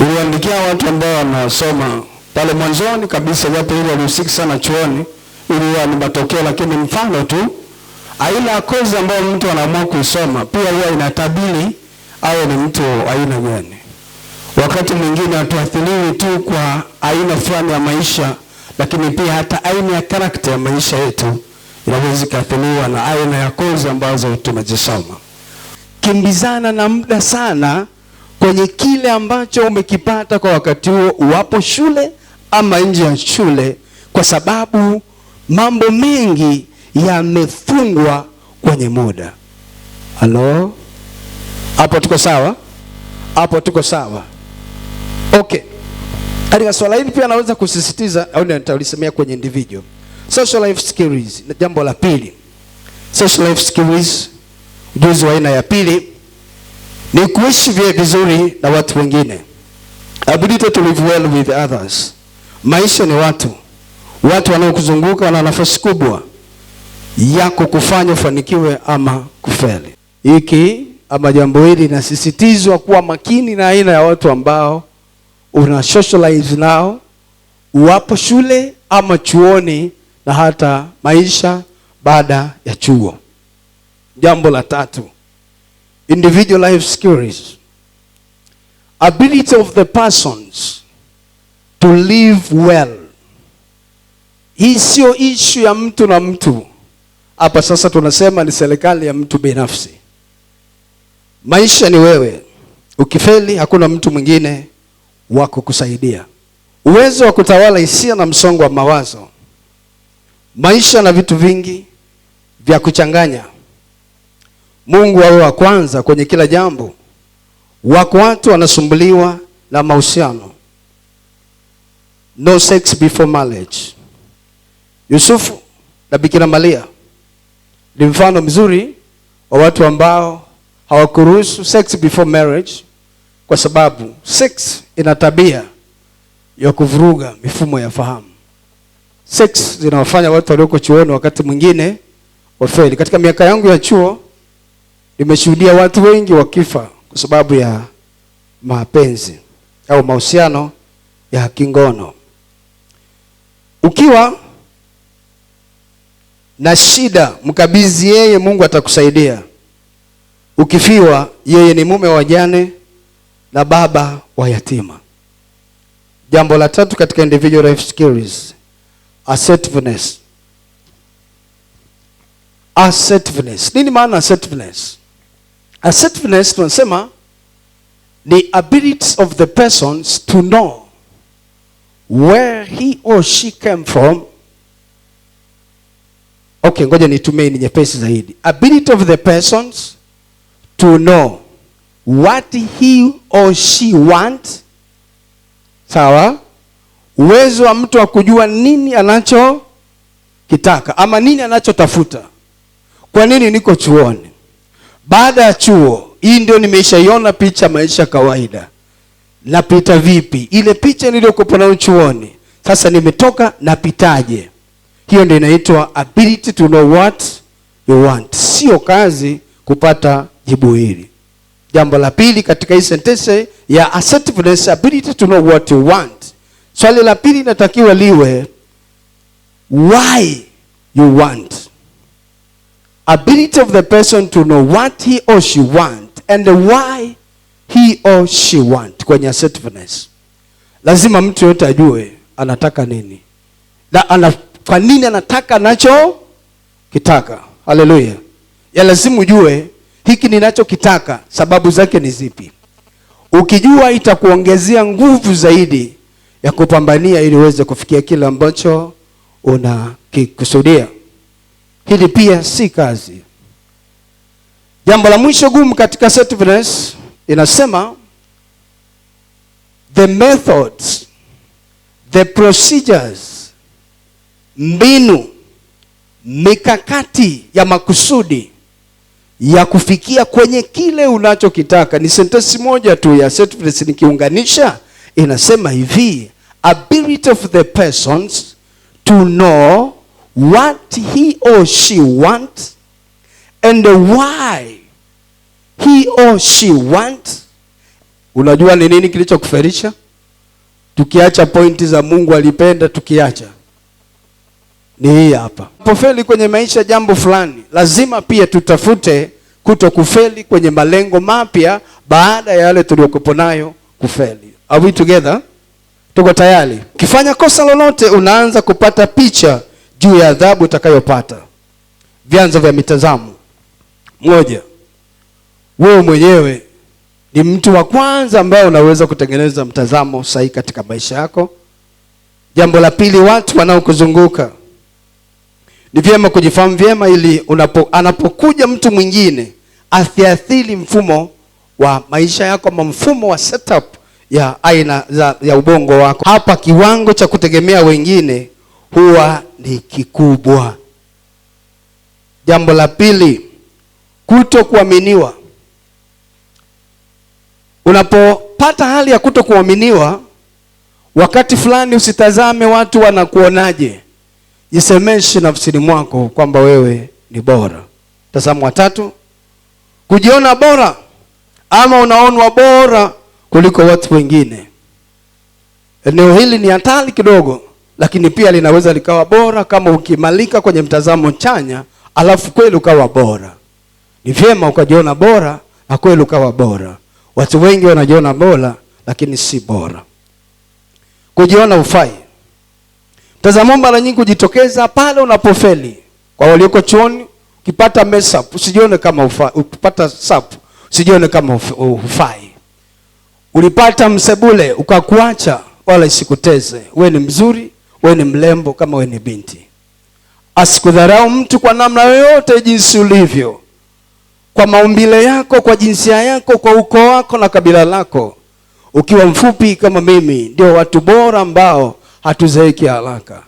uliandikia watu ambao wanasoma pale mwanzoni kabisa, japo ili walihusiki sana chuoni, ili ni matokeo, lakini mfano tu, aina ya kozi ambayo mtu anaamua kusoma pia huwa inatabiri awe ni mtu aina gani. Wakati mwingine hatuathiriwi tu kwa aina fulani ya maisha, lakini pia hata aina ya karakta ya maisha yetu inaweza ikaathiriwa na aina ya kozi ambazo tumezisoma Kimbizana na muda sana kwenye kile ambacho umekipata kwa wakati huo, uwapo shule ama nje ya shule, kwa sababu mambo mengi yamefungwa kwenye muda. Halo, hapo tuko sawa? Hapo tuko sawa? Okay, katika swala hili pia naweza kusisitiza au nitalisemea kwenye individual social life skills. Jambo la pili, social life skills, ujuzi wa aina ya pili ni kuishi vizuri na watu wengine, ability to live well with others. Maisha ni watu, watu wanaokuzunguka wana nafasi kubwa yako kufanya ufanikiwe ama kufeli. Hiki ama jambo hili linasisitizwa kuwa makini na aina ya watu ambao una socialize nao, uwapo shule ama chuoni na hata maisha baada ya chuo. Jambo la tatu individual life skills, ability of the persons to live well. Hii sio ishu ya mtu na mtu hapa. Sasa tunasema ni serikali ya mtu binafsi. Maisha ni wewe, ukifeli hakuna mtu mwingine wa kukusaidia. Uwezo wa kutawala hisia na msongo wa mawazo. Maisha na vitu vingi vya kuchanganya Mungu awe wa kwanza kwenye kila jambo. Wako watu wanasumbuliwa na mahusiano, no sex before marriage. Yusufu na Bikira Maria ni mfano mzuri wa watu ambao hawakuruhusu sex before marriage, kwa sababu sex ina tabia ya kuvuruga mifumo ya fahamu. Sex zinawafanya watu walioko chuoni wakati mwingine wafeli. Katika miaka yangu ya chuo Nimeshuhudia watu wengi wakifa kwa sababu ya mapenzi au mahusiano ya kingono. Ukiwa na shida, mkabidhi yeye, Mungu atakusaidia. Ukifiwa, yeye ni mume wa jane na baba wa yatima. Jambo la tatu katika individual life skills, assertiveness. Assertiveness. Nini maana assertiveness? Assertiveness tunasema ni ability of the persons to know where he or she came from. Okay, ngoja nitumie ni nyepesi zaidi. Ability of the persons to know what he or she want. Sawa? Uwezo wa mtu wa kujua nini anachokitaka ama nini anachotafuta. Kwa nini niko chuoni? Baada ya chuo hii ndio nimeshaiona picha maisha kawaida, napita vipi? Ile picha niliyokuwa nayo chuoni, sasa nimetoka, napitaje? Hiyo ndio inaitwa ability to know what you want. Sio kazi kupata jibu hili. Jambo la pili katika hii sentence ya assertiveness, ability to know what you want, swali la pili inatakiwa liwe why you want ability of the person to know what he or she want and why he or she want. Kwenye assertiveness lazima mtu yote ajue anataka nini na ana, kwa nini anataka nacho kitaka. Haleluya! ya lazima ujue hiki ninachokitaka sababu zake ni zipi. Ukijua itakuongezea nguvu zaidi ya kupambania ili uweze kufikia kile ambacho unakikusudia. Hili pia si kazi. Jambo la mwisho gumu katika assertiveness inasema the methods, the procedures, mbinu, mikakati ya makusudi ya kufikia kwenye kile unachokitaka. Ni sentensi moja tu ya assertiveness, nikiunganisha inasema hivi ability of the persons to know what he or she wants and why he or she wants. Unajua ni nini kilichokuferisha? Tukiacha pointi za Mungu alipenda, tukiacha ni hii hapa. Pofeli kwenye maisha jambo fulani, lazima pia tutafute kuto kufeli kwenye malengo mapya baada ya yale tuliyokuwa nayo kufeli. Are we together? Tuko tayari? Ukifanya kosa lolote, unaanza kupata picha juu ya adhabu utakayopata. Vyanzo vya mitazamo: moja, wewe mwenyewe ni mtu wa kwanza ambaye unaweza kutengeneza mtazamo sahihi katika maisha yako. Jambo la pili, watu wanaokuzunguka. Ni vyema kujifahamu vyema, ili unapo, anapokuja mtu mwingine asiathiri mfumo wa maisha yako ama mfumo wa setup ya aina za, ya ubongo wako. Hapa kiwango cha kutegemea wengine huwa ni kikubwa. Jambo la pili, kuto kuaminiwa. Unapopata hali ya kuto kuaminiwa, wakati fulani usitazame watu wanakuonaje, jisemeshe nafsini mwako kwamba wewe ni bora. Tazamo wa tatu, kujiona bora ama unaonwa bora kuliko watu wengine. Eneo hili ni hatari kidogo lakini pia linaweza likawa bora kama ukimalika kwenye mtazamo chanya, alafu kweli ukawa bora. Ni vyema ukajiona bora na kweli ukawa bora. Watu wengi wanajiona bora lakini si bora. Kujiona ufai. Mtazamo mara nyingi kujitokeza pale unapofeli. Kwa walioko chuoni, ukipata mesap usijione kama ufai, ukipata sap usijione kama ufai. Ulipata msebule ukakuacha, wala isikuteze. Wewe ni mzuri we ni mrembo kama we ni binti. Asikudharau mtu kwa namna yoyote jinsi ulivyo, kwa maumbile yako, kwa jinsia yako, kwa ukoo wako na kabila lako. Ukiwa mfupi kama mimi, ndio watu bora ambao hatuzeeki haraka.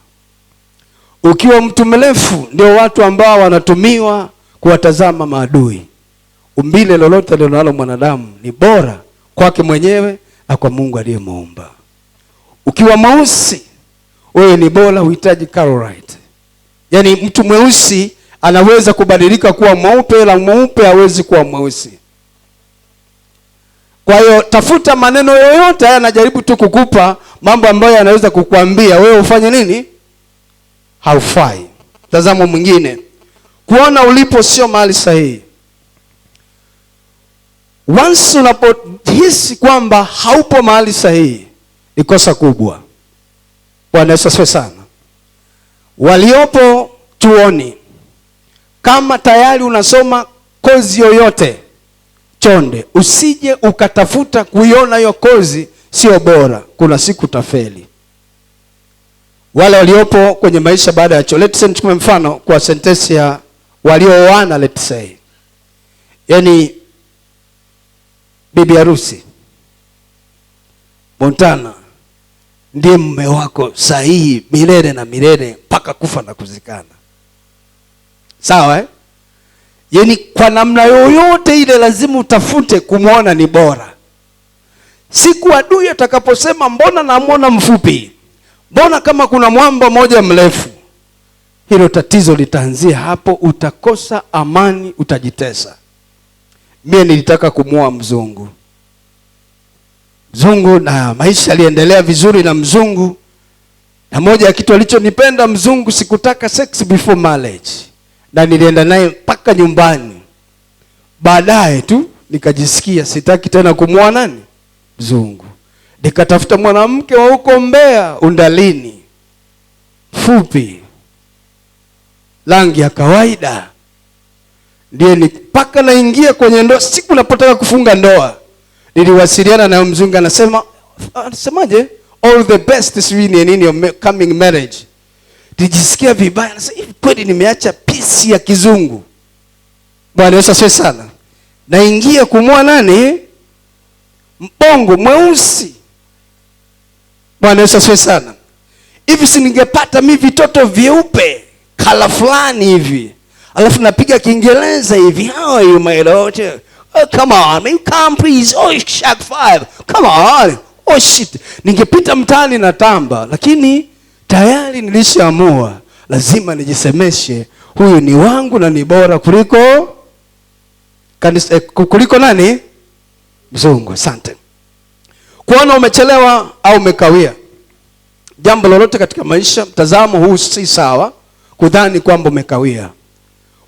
Ukiwa mtu mrefu, ndio watu ambao wanatumiwa kuwatazama maadui. Umbile lolote linalo mwanadamu ni bora kwake mwenyewe na kwa Mungu aliyemuumba. Ukiwa mweusi wewe ni bora, uhitaji carolite. Yaani mtu mweusi anaweza kubadilika kuwa mweupe, la mweupe hawezi kuwa mweusi. Kwa hiyo tafuta maneno yoyote haya, anajaribu tu kukupa mambo ambayo yanaweza kukuambia wewe ufanye nini, haufai. Mtazamo mwingine, kuona ulipo sio mahali sahihi. Once unapohisi kwamba haupo mahali sahihi, ni kosa kubwa. Bwana Yesu asifiwe sana. Waliopo chuoni, kama tayari unasoma kozi yoyote chonde, usije ukatafuta kuiona hiyo kozi sio bora, kuna siku tafeli. Wale waliopo kwenye maisha baada ya chuo, let's say nichukue mfano kwa sentensi ya waliooana, let's say yaani bibi harusi Montana ndiye mume wako sahihi milele na milele mpaka kufa na kuzikana. Sawa eh? Yaani kwa namna yoyote ile lazima utafute kumwona ni bora. Siku adui atakaposema mbona namwona mfupi, mbona kama kuna mwamba moja mrefu, hilo tatizo litaanzia hapo. Utakosa amani, utajitesa. Mie nilitaka kumwoa mzungu mzungu na maisha aliendelea vizuri na mzungu, na moja ya kitu alichonipenda mzungu, sikutaka sex before marriage, na nilienda naye mpaka nyumbani. Baadaye tu nikajisikia sitaki tena kumwoa nani mzungu, nikatafuta mwanamke wa huko Mbeya, undalini, fupi, rangi ya kawaida, ndiye mpaka naingia kwenye ndoa, siku napotaka kufunga ndoa niliwasiliana na mzungu anasema, anasemaje, all the best sweetie in your coming marriage. Nijisikia vibaya, anasema hivi kweli nimeacha pisi ya kizungu. Bwana Yesu asifiwe sana. Naingia kumwa nani? mpongo mweusi. Bwana Yesu asifiwe sana. Hivi si ningepata mi vitoto vyeupe kala fulani hivi, alafu napiga Kiingereza hivi, how are you my lord Oh, come on, you come please. Oh, Shack five. Come on. Oh shit. Ningepita mtani na tamba, lakini tayari nilishaamua lazima nijisemeshe huyu ni wangu na ni bora kuliko kanisa, eh, kuliko nani mzungu. Asante kuona umechelewa au umekawia jambo lolote katika maisha. Mtazamo huu si sawa, kudhani kwamba umekawia.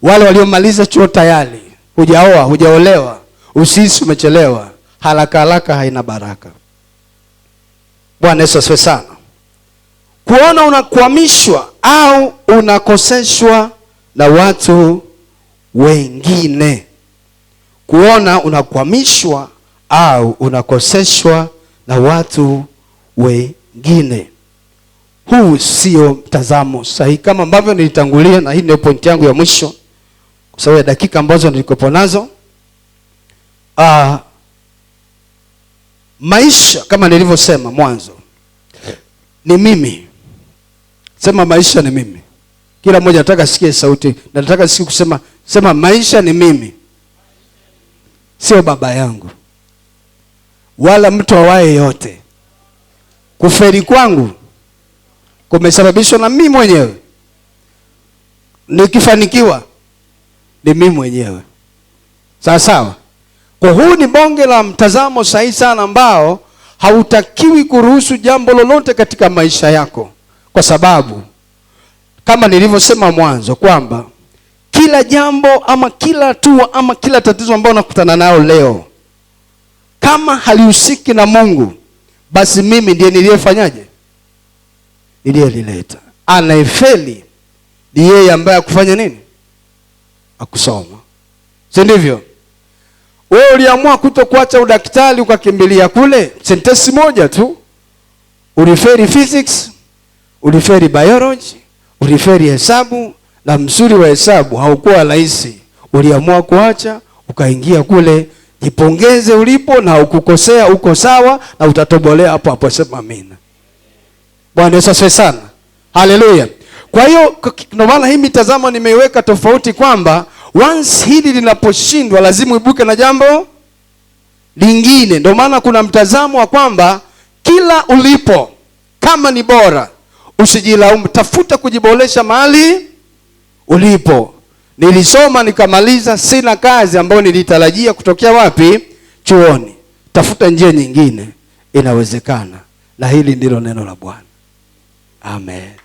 Wale waliomaliza chuo tayari, hujaoa, hujaolewa, Usisi umechelewa, haraka haraka haina baraka. Bwana Yesu asifiwe sana. Kuona unakwamishwa au unakoseshwa na watu wengine, kuona unakwamishwa au unakoseshwa na watu wengine, huu sio mtazamo sahihi, kama ambavyo nilitangulia, na hii ndio pointi yangu ya mwisho, kwa sababu ya dakika ambazo nilikopo nazo. Uh, maisha kama nilivyosema mwanzo ni mimi. Sema maisha ni mimi. Kila mmoja nataka sikie sauti, nataka sikie kusema, sema maisha ni mimi, sio baba yangu wala mtu awaye yote. Kuferi kwangu kumesababishwa na mimi mwenyewe, nikifanikiwa ni mimi mwenyewe. Sawa sawa. Kwa huu ni bonge la mtazamo sahihi sana ambao hautakiwi kuruhusu jambo lolote katika maisha yako, kwa sababu kama nilivyosema mwanzo kwamba kila jambo ama kila hatua ama kila tatizo ambayo unakutana nao leo kama halihusiki na Mungu, basi mimi ndiye niliyefanyaje, niliyelileta. Anayefeli ni yeye ambaye akufanya nini, akusoma, si ndivyo? Wewe uliamua kuto kuacha udaktari ukakimbilia kule. sentesi moja tu, uliferi physics, uliferi biology, uliferi hesabu, na msuri wa hesabu haukuwa rahisi. Uliamua kuacha ukaingia kule. Jipongeze ulipo na ukukosea, uko sawa na utatobolea hapo hapo. Sema amina. Bwana Yesu asifiwe sana. Haleluya. Kwa hiyo ndio maana hii mitazamo nimeiweka tofauti kwamba Once hili linaposhindwa, lazima ibuke na jambo lingine. Ndio maana kuna mtazamo wa kwamba kila ulipo, kama ni bora, usijilaumu, tafuta kujiboresha mahali ulipo. Nilisoma nikamaliza, sina kazi ambayo nilitarajia kutokea wapi, chuoni. Tafuta njia nyingine, inawezekana. Na hili ndilo neno la Bwana. Amen.